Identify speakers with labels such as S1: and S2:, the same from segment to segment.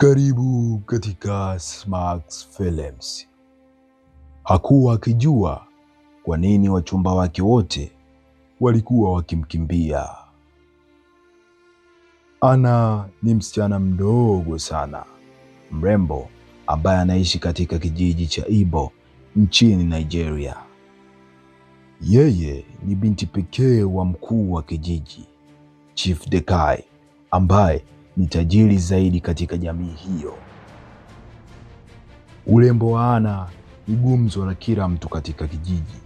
S1: Karibu katika Smax Films. Hakuwa akijua kwa nini wachumba wake wote walikuwa wakimkimbia. Ana ni msichana mdogo sana, mrembo ambaye anaishi katika kijiji cha Ibo nchini Nigeria. Yeye ni binti pekee wa mkuu wa kijiji, Chief Dekai ambaye ni tajiri zaidi katika jamii hiyo. Urembo wa Ana ni gumzo la kila mtu katika kijiji.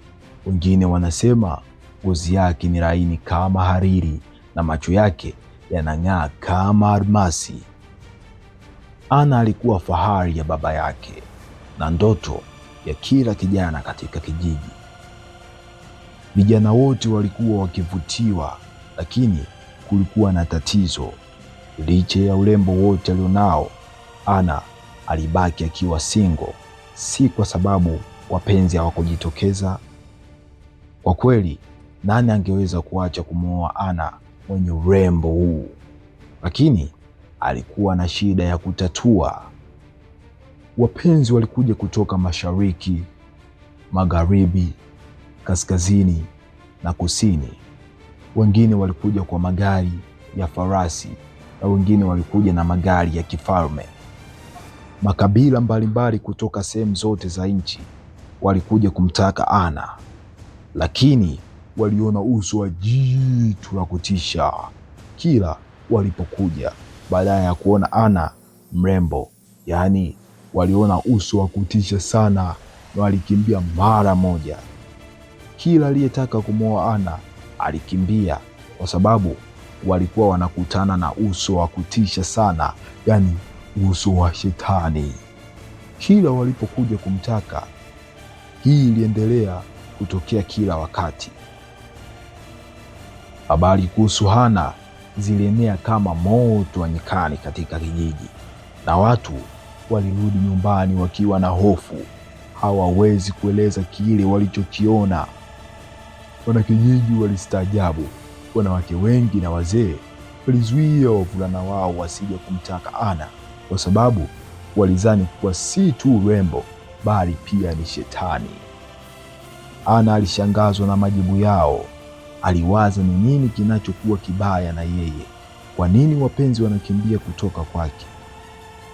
S1: Wengine wanasema ngozi yake ni laini kama hariri na macho yake yanang'aa kama almasi. Ana alikuwa fahari ya baba yake na ndoto ya kila kijana katika kijiji. Vijana wote walikuwa wakivutiwa, lakini kulikuwa na tatizo. Licha ya urembo wote alionao, Ana alibaki akiwa single, si kwa sababu wapenzi hawakujitokeza. Kwa kweli, nani angeweza kuacha kumwoa Ana mwenye urembo huu? Lakini alikuwa na shida ya kutatua. Wapenzi walikuja kutoka mashariki, magharibi, kaskazini na kusini. Wengine walikuja kwa magari ya farasi na wengine walikuja na magari ya kifalme. Makabila mbalimbali kutoka sehemu zote za nchi walikuja kumtaka Ana, lakini waliona uso wa jitu la kutisha kila walipokuja. Baadaye ya kuona Ana mrembo, yaani waliona uso wa kutisha sana na walikimbia mara moja. Kila aliyetaka kumwoa Ana alikimbia kwa sababu walikuwa wanakutana na uso wa kutisha sana, yani uso wa shetani kila walipokuja kumtaka. Hii iliendelea kutokea kila wakati. Habari kuhusu Hana zilienea kama moto wa nyikani katika kijiji, na watu walirudi nyumbani wakiwa na hofu. Hawawezi kueleza kile walichokiona. Wanakijiji walistaajabu Wanawake wengi na wazee walizuia wavulana wao wasije kumtaka Ana kwa sababu walizani kuwa si tu urembo bali pia ni shetani. Ana alishangazwa na majibu yao. Aliwaza ni nini kinachokuwa kibaya na yeye, kwa nini wapenzi wanakimbia kutoka kwake?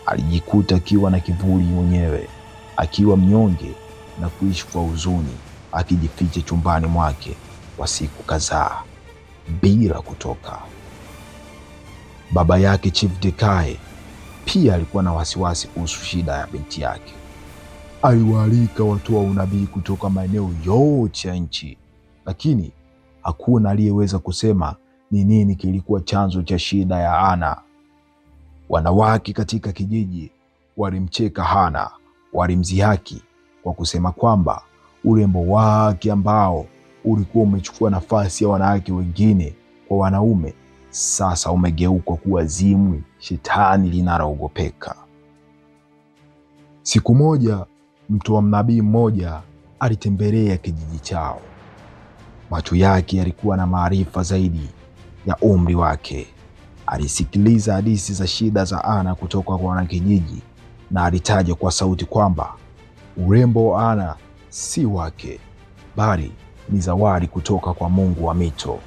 S1: Alijikuta akiwa na kivuli mwenyewe, akiwa mnyonge na kuishi kwa huzuni, akijificha chumbani mwake kwa siku kadhaa bila kutoka. Baba yake Chief Dekae pia alikuwa na wasiwasi kuhusu shida ya binti yake. Aliwaalika watu wa unabii kutoka maeneo yote ya nchi, lakini hakuna aliyeweza kusema ni nini kilikuwa chanzo cha shida ya ana Wanawake katika kijiji walimcheka Hana, walimdhihaki kwa kusema kwamba urembo wake ambao ulikuwa umechukua nafasi ya wanawake wengine kwa wanaume, sasa umegeuka kuwa zimwi, shetani linaloogopeka. Siku moja mtu wa mnabii mmoja alitembelea kijiji chao. Macho yake yalikuwa na maarifa zaidi ya umri wake. Alisikiliza hadithi za shida za Ana kutoka kwa wanakijiji, na alitaja kwa sauti kwamba urembo wa Ana si wake bali ni zawadi kutoka kwa Mungu wa mito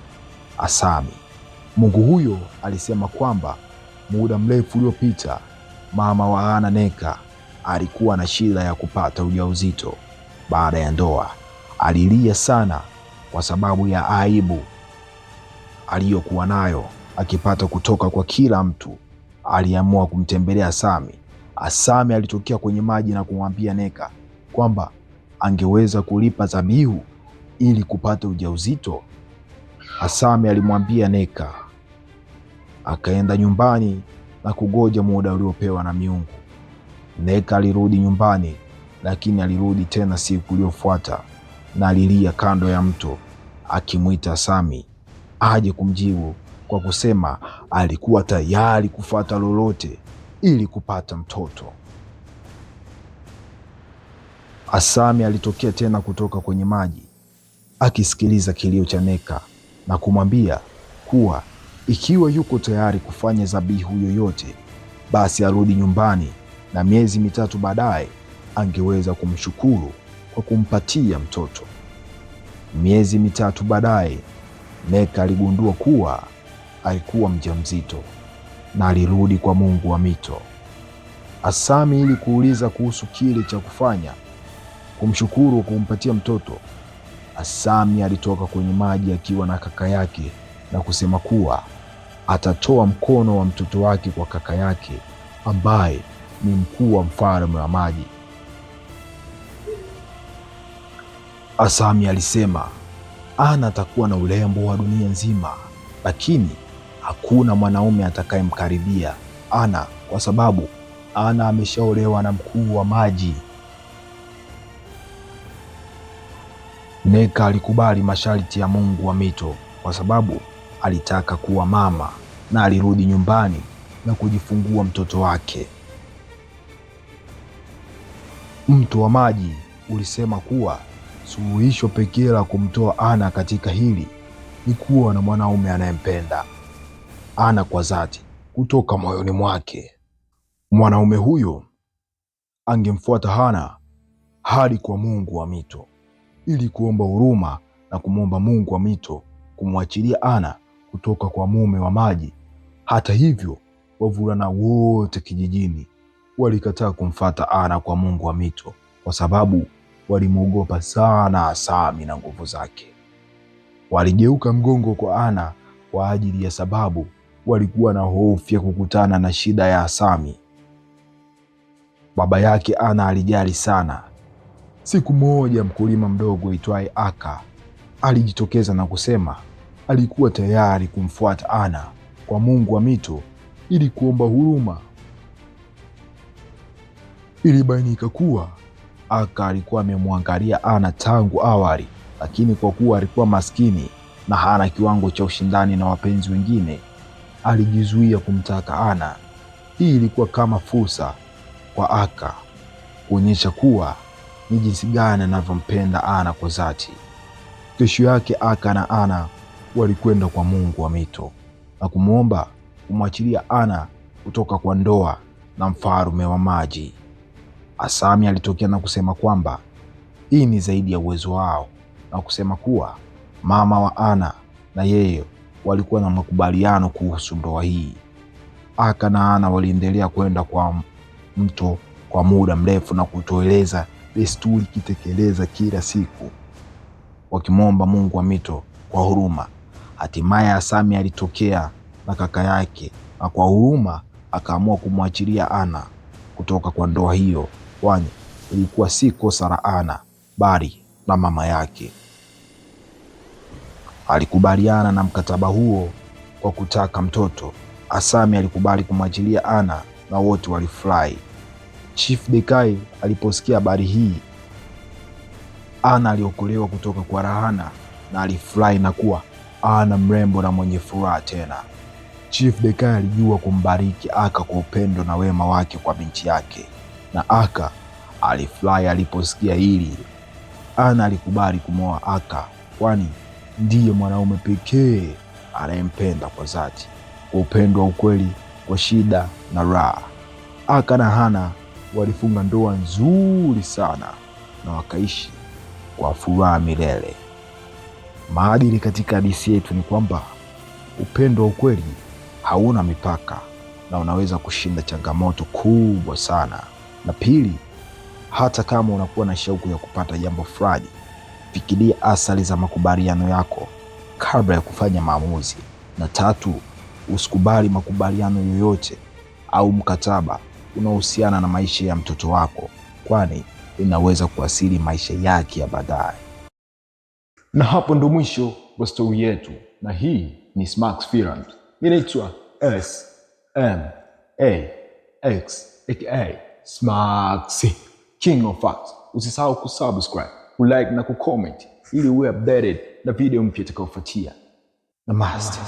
S1: Asami. Mungu huyo alisema kwamba muda mrefu uliopita mama wa ana neka alikuwa na shida ya kupata ujauzito baada ya ndoa. Alilia sana kwa sababu ya aibu aliyokuwa nayo akipata kutoka kwa kila mtu. Aliamua kumtembelea Asami. Asami alitokea kwenye maji na kumwambia Neka kwamba angeweza kulipa dhabihu ili kupata ujauzito? Asame alimwambia Neka. Akaenda nyumbani na kugoja muda uliopewa na miungu. Neka alirudi nyumbani, lakini alirudi tena siku iliyofuata na alilia kando ya mto akimwita asami aje kumjibu kwa kusema alikuwa tayari kufuata lolote ili kupata mtoto. Asami alitokea tena kutoka kwenye maji akisikiliza kilio cha Neka na kumwambia kuwa ikiwa yuko tayari kufanya dhabihu yoyote, basi arudi nyumbani na miezi mitatu baadaye angeweza kumshukuru kwa kumpatia mtoto. Miezi mitatu baadaye Neka aligundua kuwa alikuwa mjamzito na alirudi kwa Mungu wa mito Asami ili kuuliza kuhusu kile cha kufanya kumshukuru kwa kumpatia mtoto asami alitoka kwenye maji akiwa na kaka yake na kusema kuwa atatoa mkono wa mtoto wake kwa kaka yake ambaye ni mkuu wa mfalme wa maji. Asami alisema Ana atakuwa na urembo wa dunia nzima, lakini hakuna mwanaume atakayemkaribia Ana kwa sababu Ana ameshaolewa na mkuu wa maji. Neka alikubali masharti ya Mungu wa mito kwa sababu alitaka kuwa mama na alirudi nyumbani na kujifungua mtoto wake. Mto wa maji ulisema kuwa suluhisho pekee la kumtoa Ana katika hili ni kuwa na mwanaume anayempenda Ana kwa dhati kutoka moyoni mwake. Mwanaume huyo angemfuata Hana hadi kwa Mungu wa mito ili kuomba huruma na kumwomba Mungu wa mito kumwachilia Ana kutoka kwa mume wa maji. Hata hivyo, wavulana wote kijijini walikataa kumfata Ana kwa Mungu wa mito kwa sababu walimwogopa sana asami na nguvu zake. Waligeuka mgongo kwa Ana kwa ajili ya sababu walikuwa na hofu ya kukutana na shida ya asami Baba yake Ana alijali sana Siku moja mkulima mdogo aitwaye Aka alijitokeza na kusema alikuwa tayari kumfuata Ana kwa mungu wa mito ili kuomba huruma. Ilibainika kuwa Aka alikuwa amemwangalia Ana tangu awali, lakini kwa kuwa alikuwa maskini na hana kiwango cha ushindani na wapenzi wengine, alijizuia kumtaka Ana. Hii ilikuwa kama fursa kwa Aka kuonyesha kuwa ni jinsi gani anavyompenda Ana kwa dhati. Kesho yake Aka na Ana walikwenda kwa Mungu wa mito na kumwomba kumwachilia Ana kutoka kwa ndoa na mfalme wa maji. Asami alitokea na kusema kwamba hii ni zaidi ya uwezo wao na kusema kuwa mama wa Ana na yeye walikuwa na makubaliano kuhusu ndoa hii. Aka na Ana waliendelea kwenda kwa mto kwa muda mrefu na kutoeleza desturi kitekeleza kila siku, wakimwomba Mungu wa mito kwa huruma. Hatimaye Asami alitokea na kaka yake, na kwa huruma akaamua kumwachilia Ana kutoka kwa ndoa hiyo, kwani ilikuwa si kosa la Ana bali la mama yake. Alikubaliana na mkataba huo kwa kutaka mtoto. Asami alikubali kumwachilia Ana na wote walifurahi. Chief Dekai aliposikia habari hii, Ana aliokolewa kutoka kwa Rahana na alifurahi na kuwa Ana mrembo na mwenye furaha tena. Chief Dekai alijua kumbariki Aka kwa upendo na wema wake kwa binti yake, na Aka alifurahi aliposikia hili. Ana alikubali kumwoa Aka kwani ndiye mwanaume pekee anayempenda kwa dhati, kwa upendo wa ukweli, kwa shida na raha. Aka na Hana walifunga ndoa nzuri sana na wakaishi kwa furaha milele. Maadili katika hadithi yetu ni kwamba upendo wa ukweli hauna mipaka na unaweza kushinda changamoto kubwa sana. Na pili, hata kama unakuwa na shauku ya kupata jambo fulani, fikiria athari za makubaliano yako kabla ya kufanya maamuzi. Na tatu, usikubali makubaliano yoyote au mkataba unaohusiana na maisha ya mtoto wako, kwani inaweza kuathiri maisha yake ya baadaye.
S2: Na hapo ndo mwisho wa stori yetu, na hii ni Smax Films. Inaitwa S M A X aka Smax King of Facts. Usisahau kusubscribe, kulike na kucomment ili uwe updated na video mpya itakayofuatia. Namaste.